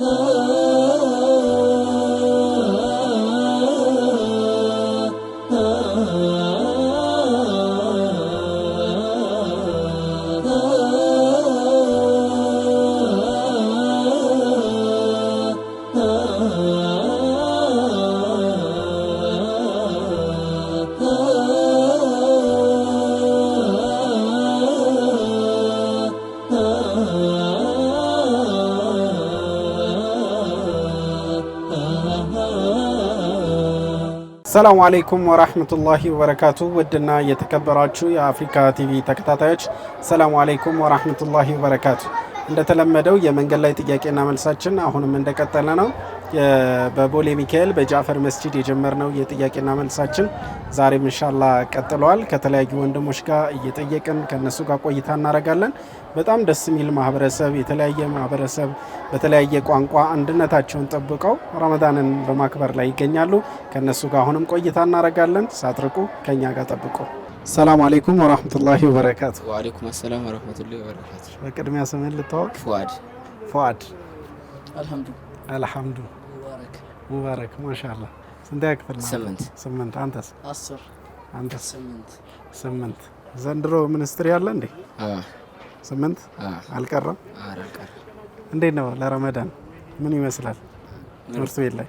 Oh. አሰላሙ አሌይኩም ወራህመቱላሂ ወበረካቱ። ውድና የተከበራችሁ የአፍሪካ ቲቪ ተከታታዮች አሰላሙ አሌይኩም ወራህመቱላሂ ወበረካቱ። እንደተለመደው የመንገድ ላይ ጥያቄና መልሳችን አሁንም እንደቀጠለ ነው። በቦሌ ሚካኤል በጃፈር መስጂድ የጀመርነው የጥያቄና መልሳችን ዛሬም እንሻላ ቀጥለዋል። ከተለያዩ ወንድሞች ጋር እየጠየቅን ከነሱ ጋር ቆይታ እናደርጋለን። በጣም ደስ የሚል ማህበረሰብ፣ የተለያየ ማህበረሰብ በተለያየ ቋንቋ አንድነታቸውን ጠብቀው ረመዳንን በማክበር ላይ ይገኛሉ። ከነሱ ጋር አሁንም ቆይታ እናደርጋለን። ሳትርቁ ከኛ ጋር ጠብቁ። ሰላም አሌይኩም ወራህመቱላሂ ወበረካቱ። ወአለይኩም ሰላም ወራህመቱላሂ ወበረካቱ። በቅድሚያ ስምን ልታወቅ? ፉአድ ፉአድ። አልሐምዱ አልሐምዱ ሙባረክ ማሻላ። ስንት ክፍል ስምንት ስምንት። አንተስ? አስር አንተስ? ስምንት ስምንት። ዘንድሮ ሚኒስትሪ አለ እንዴ? ስምንት አልቀረም። እንዴት ነው ለረመዳን ምን ይመስላል? ትምህርት ቤት ላይ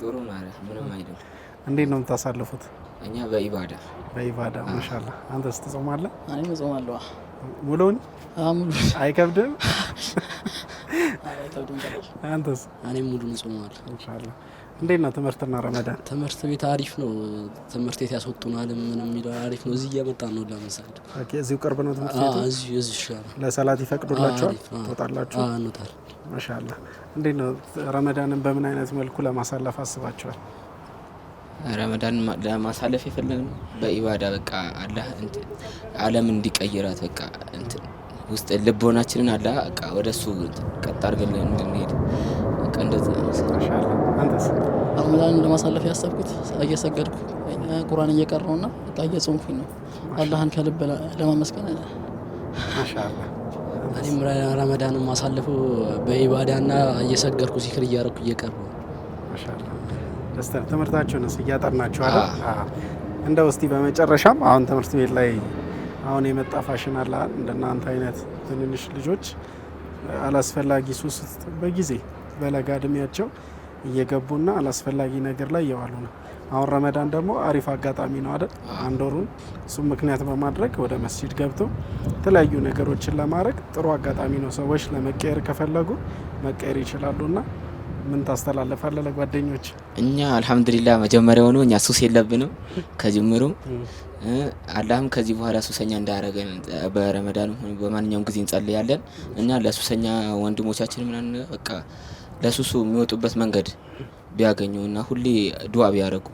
ጥሩ ማለት ምንም አይደል። እንዴት ነው የምታሳልፉት? እኛ በኢባዳ በኢባዳ። ማሻላ። አንተስ ትጾማለህ? እኔ እጾማለሁ። ሙሉን አይከብድም። አንተስ? እኔም ሙሉን እጾማለሁ ኢንሻአላህ። እንዴት ነው ትምህርትና ረመዳን? ትምህርት ቤት አሪፍ ነው። ትምህርት ቤት ያስወጡናል። ምን የሚለው አሪፍ ነው። እዚህ እየመጣ ነው ለመሳል። እዚሁ ቅርብ ነው ትምህርት ቤቱ። እዚሁ እዚሁ ይሻላል። ለሰላት ይፈቅዱላቸዋል። ትወጣላችሁ? አዎ፣ እንወጣለን። ማሻአላህ። እንዴት ነው ረመዳንን በምን አይነት መልኩ ለማሳለፍ አስባቸዋል? ረመዳን ለማሳለፍ ነው በኢባዳ በቃ አላ አለም እንዲቀይራት በቃ ውስጥ ልቦናችንን አላህ በቃ ወደ እሱ ቀጥ አድርገን እንድንሄድ ረመዳን ለማሳለፍ ያሰብኩት እየሰገድኩ ቁራን እየቀረው ና በቃ እየጾምኩኝ ነው አላህን ከልብ ለማመስገን እኔም ረመዳን ማሳለፉ በኢባዳ ና እየሰገድኩ ሲክር እያረኩ እየቀረው ትምህርታችሁን እያጠናችኋል። እንደው እስቲ በመጨረሻም አሁን ትምህርት ቤት ላይ አሁን የመጣ ፋሽን አለ እንደናንተ አይነት ትንንሽ ልጆች አላስፈላጊ ሱስ በጊዜ በለጋ እድሜያቸው እየገቡና አላስፈላጊ ነገር ላይ እየዋሉ ነው። አሁን ረመዳን ደግሞ አሪፍ አጋጣሚ ነው አይደል? አንድ ወሩን እሱም ምክንያት በማድረግ ወደ መስጂድ ገብቶ የተለያዩ ነገሮችን ለማድረግ ጥሩ አጋጣሚ ነው። ሰዎች ለመቀየር ከፈለጉ መቀየር ይችላሉና ምን ታስተላልፋለህ ለጓደኞች? እኛ አልሐምዱሊላህ መጀመሪያ ሆኖ እኛ ሱስ የለብንም ከጅምሩ። አላህም ከዚህ በኋላ ሱሰኛ እንዳያረገን በረመዳን ሆነ በማንኛውም ጊዜ እንጸልያለን እና ለሱሰኛ ወንድሞቻችን ምናምን በቃ ለሱሱ የሚወጡበት መንገድ ቢያገኙ እና ሁሌ ዱዓ ቢያደረጉ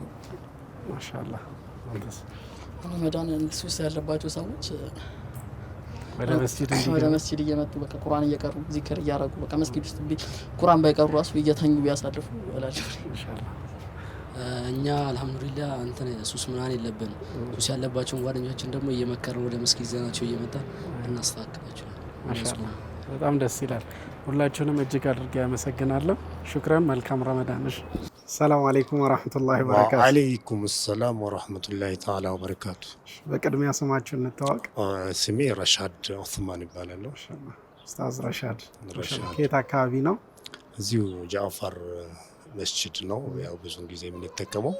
ማሻአላህ ረመዳን ሱስ ያለባቸው ሰዎች ወደ መስጂድ እየመጡ በቃ ቁርአን እየቀሩ ዚክር እያረጉ በቃ መስጊድ ውስጥ ቁርአን ባይቀሩ ራሱ እየተኙ ቢያሳልፉ እላቸው። እኛ አልሐምዱሊላ እንትን ሱስ ምናምን የለብንም። ሱስ ያለባቸውን ጓደኞችን ደግሞ እየመከርን ወደ መስጊድ ዘናቸው እየመጣ እናስተካክላቸው። በጣም ደስ ይላል። ሁላችሁንም እጅግ አድርጌ ያመሰግናለሁ። ሹክረን። መልካም ረመዳንሽ ሰላም አለይኩም ወራህመቱላሂ ወበረካቱ። አለይኩም ሰላም ወራህመቱላሂ ተዓላ ወበረካቱ። በቅድሚያ ስማችሁ እንታወቅ። ስሜ ረሻድ ኦስማን ይባላለሁ። ኡስታዝ ረሻድ ከየት አካባቢ ነው? እዚሁ ጃፋር መስጅድ ነው ያው ብዙን ጊዜ የምንጠቀመው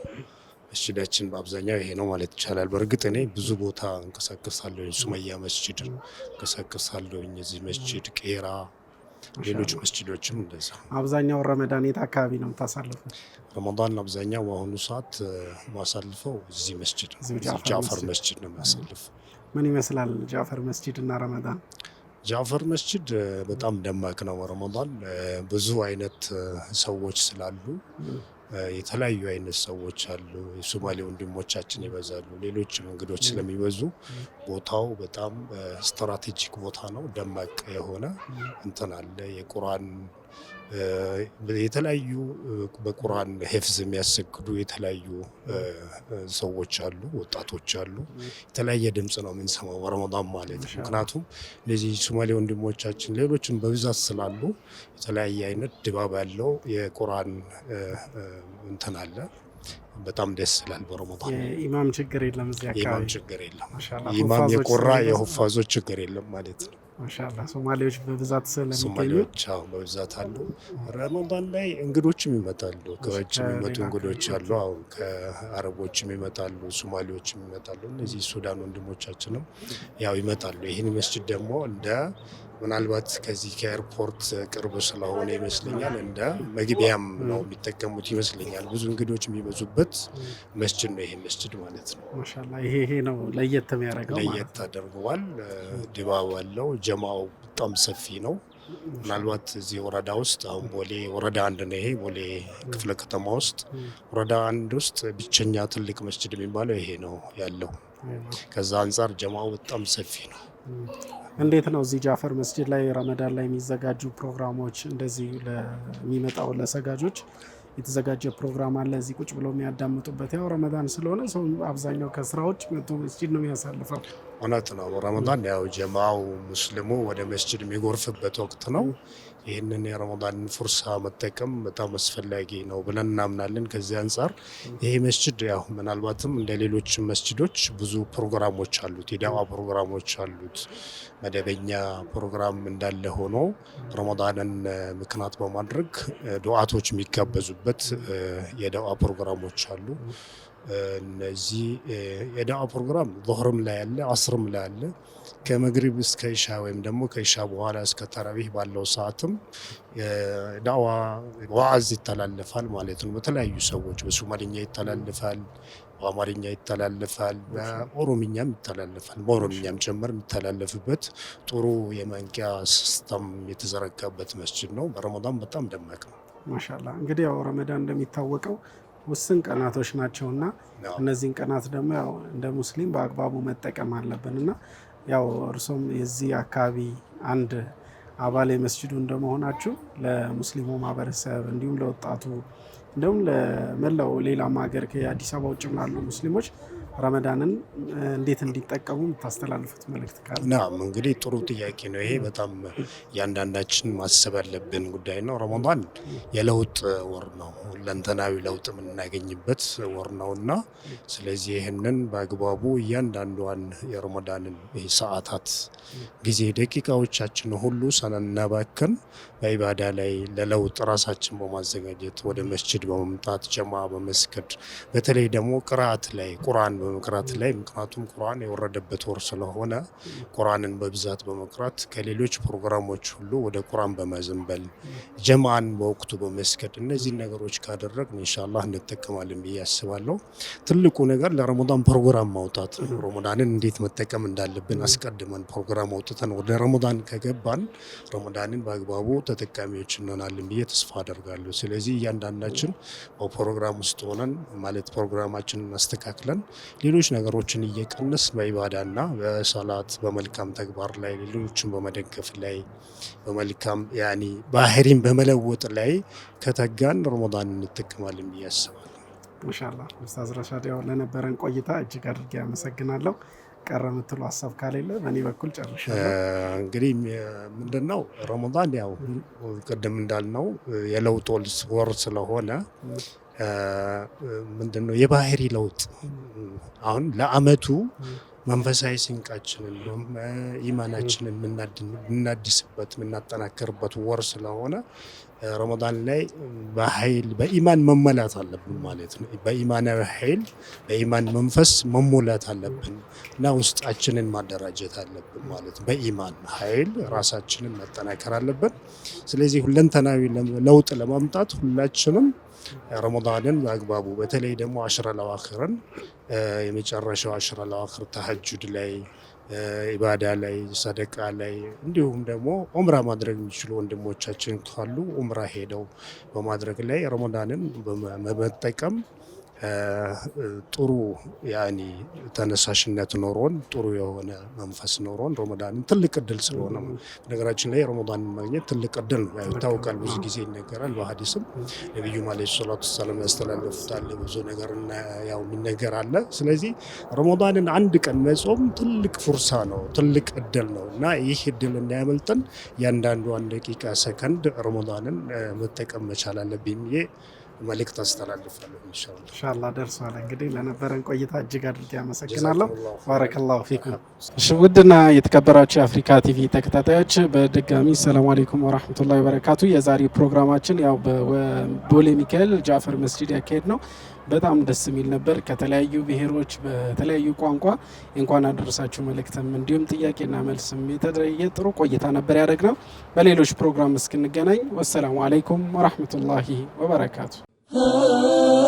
መስጅዳችን በአብዛኛው ይሄ ነው ማለት ይቻላል። በእርግጥ እኔ ብዙ ቦታ እንቀሳቀሳለሁ። ሱመያ መስጅድ እንቀሳቀሳለሁ። እዚህ መስጅድ ቄራ ሌሎች መስጅዶችም እንደዛ። አብዛኛው ረመዳን የት አካባቢ ነው የምታሳልፈው? ረመዳን አብዛኛው በአሁኑ ሰዓት ማሳልፈው እዚህ መስጅድ ነው፣ ጃፈር መስጅድ ነው የሚያሳልፍ። ምን ይመስላል ጃፈር መስጅድ እና ረመዳን? ጃፈር መስጅድ በጣም ደማቅ ነው። ረመዳን ብዙ አይነት ሰዎች ስላሉ የተለያዩ አይነት ሰዎች አሉ። የሶማሌ ወንድሞቻችን ይበዛሉ። ሌሎችም እንግዶች ስለሚበዙ ቦታው በጣም ስትራቴጂክ ቦታ ነው። ደማቅ የሆነ እንትን አለ የቁርአን የተለያዩ በቁርአን ሄፍዝ የሚያሰግዱ የተለያዩ ሰዎች አሉ፣ ወጣቶች አሉ። የተለያየ ድምፅ ነው የምንሰማው በረመዳን ማለት ነው። ምክንያቱም እነዚህ ሶማሌ ወንድሞቻችን ሌሎችም በብዛት ስላሉ የተለያየ አይነት ድባብ ያለው የቁርአን እንትን አለ። በጣም ደስ ይላል። በረመዳን ኢማም ችግር የለም፣ ኢማም ችግር የለም፣ ኢማም የሁፋዞች ችግር የለም ማለት ነው። ማሻላ ሶማሌዎች በብዛት ስለሚገኙ አዎ በብዛት አሉ። ረመዳን ላይ እንግዶችም ይመጣሉ፣ ከውጭ የሚመጡ እንግዶች አሉ። አሁን ከአረቦችም ይመጣሉ፣ ሶማሌዎችም ይመጣሉ። እነዚህ ሱዳን ወንድሞቻችንም ያው ይመጣሉ። ይህን መስጅድ ደግሞ እንደ ምናልባት ከዚህ ከኤርፖርት ቅርብ ስለሆነ ይመስለኛል እንደ መግቢያም ነው የሚጠቀሙት ይመስለኛል። ብዙ እንግዶች የሚበዙበት መስጅድ ነው ይሄ መስጅድ ማለት ነው። ማሻላ ይሄ ይሄ ነው ለየት የሚያደርገው ለየት አድርገዋል። ድባብ አለው። ጀማው በጣም ሰፊ ነው። ምናልባት እዚህ ወረዳ ውስጥ አሁን ቦሌ ወረዳ አንድ ነው ይሄ ቦሌ ክፍለ ከተማ ውስጥ ወረዳ አንድ ውስጥ ብቸኛ ትልቅ መስጅድ የሚባለው ይሄ ነው ያለው። ከዛ አንጻር ጀማው በጣም ሰፊ ነው። እንዴት ነው እዚህ ጃፈር መስጂድ ላይ ረመዳን ላይ የሚዘጋጁ ፕሮግራሞች እንደዚህ ለሚመጣው ለሰጋጆች የተዘጋጀ ፕሮግራም አለ። እዚህ ቁጭ ብለው የሚያዳምጡበት ያው ረመዳን ስለሆነ ሰው አብዛኛው ከስራዎች መቶ መስጂድ ነው የሚያሳልፈው። እውነት ነው። ረመዳን ያው ጀማው ሙስሊሙ ወደ መስጅድ የሚጎርፍበት ወቅት ነው። ይህንን የረመዳንን ፉርሳ መጠቀም በጣም አስፈላጊ ነው ብለን እናምናለን። ከዚህ አንጻር ይሄ መስጅድ ያው ምናልባትም እንደ ሌሎች መስጅዶች ብዙ ፕሮግራሞች አሉት፣ የዳዋ ፕሮግራሞች አሉት። መደበኛ ፕሮግራም እንዳለ ሆኖ ረመዳንን ምክንያት በማድረግ ዱዓቶች የሚጋበዙበት የዳዋ ፕሮግራሞች አሉ። እነዚህ የዳዋ ፕሮግራም ዞህርም ላይ አለ፣ አስርም ላይ አለ። ከመግሪብ እስከ ኢሻ ወይም ደግሞ ከኢሻ በኋላ እስከ ተራቢህ ባለው ሰዓትም ዳዋ ዋዓዝ ይተላለፋል ማለት ነው። በተለያዩ ሰዎች በሶማሊኛ ይተላለፋል፣ በአማርኛ ይተላለፋል፣ በኦሮምኛም ይተላለፋል። በኦሮምኛም ጭምር የሚተላለፍበት ጥሩ የማንቂያ ሲስተም የተዘረጋበት መስጅድ ነው። በረመዳን በጣም ደማቅ ነው። ማሻላ እንግዲህ ያው ረመዳን እንደሚታወቀው ውስን ቀናቶች ናቸውእና እነዚህን ቀናት ደግሞ ያው እንደ ሙስሊም በአግባቡ መጠቀም አለብን እና ያው እርሶም የዚህ አካባቢ አንድ አባል የመስጅዱ እንደመሆናችሁ ለሙስሊሙ ማህበረሰብ እንዲሁም ለወጣቱ እንዲሁም ለመላው ሌላም ሀገር ከአዲስ አበባ ውጭ ላሉ ሙስሊሞች ረመዳንን እንዴት እንዲጠቀሙ የምታስተላልፉት መልእክት ካለ? ናም እንግዲህ ጥሩ ጥያቄ ነው። ይሄ በጣም እያንዳንዳችን ማሰብ ያለብን ጉዳይ ነው። ረመዳን የለውጥ ወር ነው፣ ሁለንተናዊ ለውጥ የምናገኝበት ወር ነው እና ስለዚህ ይህንን በአግባቡ እያንዳንዷን የረመዳንን ሰዓታት፣ ጊዜ፣ ደቂቃዎቻችን ሁሉ ሳናባክን በኢባዳ ላይ ለለውጥ ራሳችን በማዘጋጀት ወደ መስጅድ መስጅድ በመምጣት ጀማ በመስገድ በተለይ ደግሞ ቅራት ላይ ቁርአን በመቅራት ላይ ምክንያቱም ቁርአን የወረደበት ወር ስለሆነ ቁርአንን በብዛት በመቅራት ከሌሎች ፕሮግራሞች ሁሉ ወደ ቁርአን በመዘንበል ጀማን በወቅቱ በመስገድ እነዚህን ነገሮች ካደረግ እንሻላ እንጠቀማለን ብዬ አስባለሁ። ትልቁ ነገር ለረመዳን ፕሮግራም ማውጣት ነው። ረመዳንን እንዴት መጠቀም እንዳለብን አስቀድመን ፕሮግራም አውጥተን ወደ ረመዳን ከገባን ረመዳንን በአግባቡ ተጠቃሚዎች እንሆናለን ብዬ ተስፋ አደርጋለሁ። ስለዚህ እያንዳንዳችን በፕሮግራም ውስጥ ሆነን ማለት ፕሮግራማችንን አስተካክለን ሌሎች ነገሮችን እየቀነስ በኢባዳና በሰላት በመልካም ተግባር ላይ ሌሎችን በመደገፍ ላይ በመልካም ያኒ ባህሪን በመለወጥ ላይ ከተጋን ረመዳን እንጠቀማለን ብዬ አስባለሁ። ማሻአላህ ኡስታዝ ረሻድ ያው ለነበረን ቆይታ እጅግ አድርጌ አመሰግናለሁ። ቀረ የምትለው ሀሳብ ከሌለ በእኔ በኩል ጨርሻለሁ። እንግዲህ ምንድን ነው ረመዳን ያው ቅድም እንዳልነው የለውጥ ወር ስለሆነ ምንድን ነው የባህሪ ለውጥ አሁን ለአመቱ መንፈሳዊ ስንቃችንን ኢማናችንን የምናድስበት የምናጠናክርበት ወር ስለሆነ ረመዳን ላይ በኃይል በኢማን መሞላት አለብን ማለት ነው። በኢማናዊ ኃይል በኢማን መንፈስ መሞላት አለብን እና ውስጣችንን ማደራጀት አለብን ማለት ነው። በኢማን ኃይል ራሳችንን መጠናከር አለብን። ስለዚህ ሁለንተናዊ ለውጥ ለማምጣት ሁላችንም ረመዳንን በአግባቡ በተለይ ደግሞ አሽረ ለዋክርን የመጨረሻው አሽረ ለዋክር ተሀጁድ ላይ ኢባዳ ላይ ሰደቃ ላይ እንዲሁም ደግሞ ኦምራ ማድረግ የሚችሉ ወንድሞቻችን ካሉ ኦምራ ሄደው በማድረግ ላይ ረመዳንን በመጠቀም ጥሩ ያኒ ተነሳሽነት ኖሮን ጥሩ የሆነ መንፈስ ኖሮን ረመዳንን ትልቅ እድል ስለሆነ ነገራችን ላይ ረመዳን ማግኘት ትልቅ እድል ነው ይታወቃል። ብዙ ጊዜ ይነገራል። በሀዲስም ነቢዩም ዓለይሂ ሰላቱ ሰላም ያስተላለፉታል። ብዙ ነገር ያው የሚነገር አለ። ስለዚህ ረመዳንን አንድ ቀን መጾም ትልቅ ፉርሳ ነው፣ ትልቅ እድል ነው እና ይህ እድል እንዳያመልጠን እያንዳንዷን ደቂቃ ሰከንድ ረመዳንን መጠቀም መቻል አለብኝ ብዬ መልእክት አስተላልፋለሁ። ኢንሻላ ደርሷል። እንግዲህ ለነበረን ቆይታ እጅግ አድርጌ አመሰግናለሁ። ባረከላሁ ፊኩም። ውድና የተከበራችሁ የአፍሪካ ቲቪ ተከታታዮች በድጋሚ ሰላሙ አሌይኩም ወራህመቱላ ወበረካቱ። የዛሬ ፕሮግራማችን ያው በቦሌ ሚካኤል ጃፈር መስጂድ ያካሄድ ነው። በጣም ደስ የሚል ነበር። ከተለያዩ ብሔሮች በተለያዩ ቋንቋ እንኳን አደረሳችሁ መልእክትም እንዲሁም ጥያቄና መልስም የተለየ ጥሩ ቆይታ ነበር ያደረግነው። በሌሎች ፕሮግራም እስክንገናኝ ወሰላሙ አሌይኩም ወራህመቱላሂ ወበረካቱ። Oh. oh, oh.